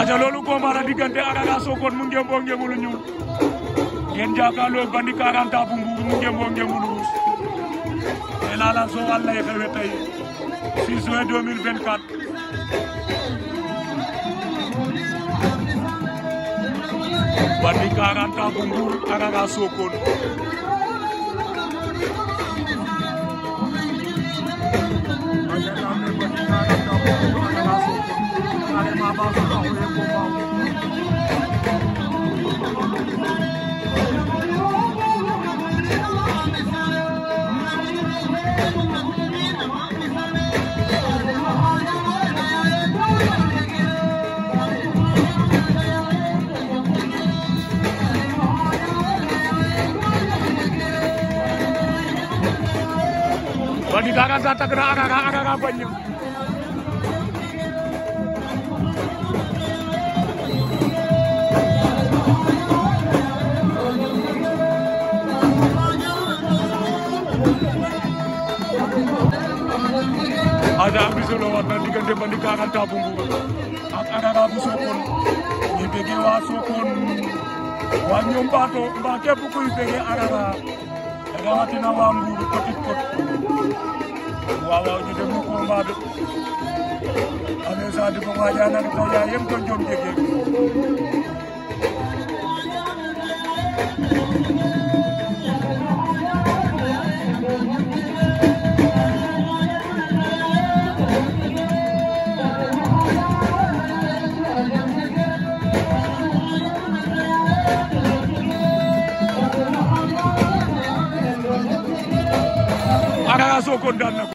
aja loolu combat eh, la diggante Arara Sokone mu ngemboo ngembulu ñuul ngeen jàkkaarloo bandi 40 ans bu mbuur mu ngemboo ngembulu ruus te laala soo wàll lay xewe tey 6 juin 2024 bandi 40 ans bu Bagi kakak sata kena arah-arah banyak. Ada Brise la war na diggante Bandika ak Taabu Mbuur ak Agaka bu Sokone ñu waa Sokone waa ñoom Mbaato mbaa képp kuy bëggee Agaka rawatina waa Mbuur Petite Côte waaw waaw ñu dem combat bi amee saa di ko waajaa naan ko yaa yem ko jom Sokone daan na ko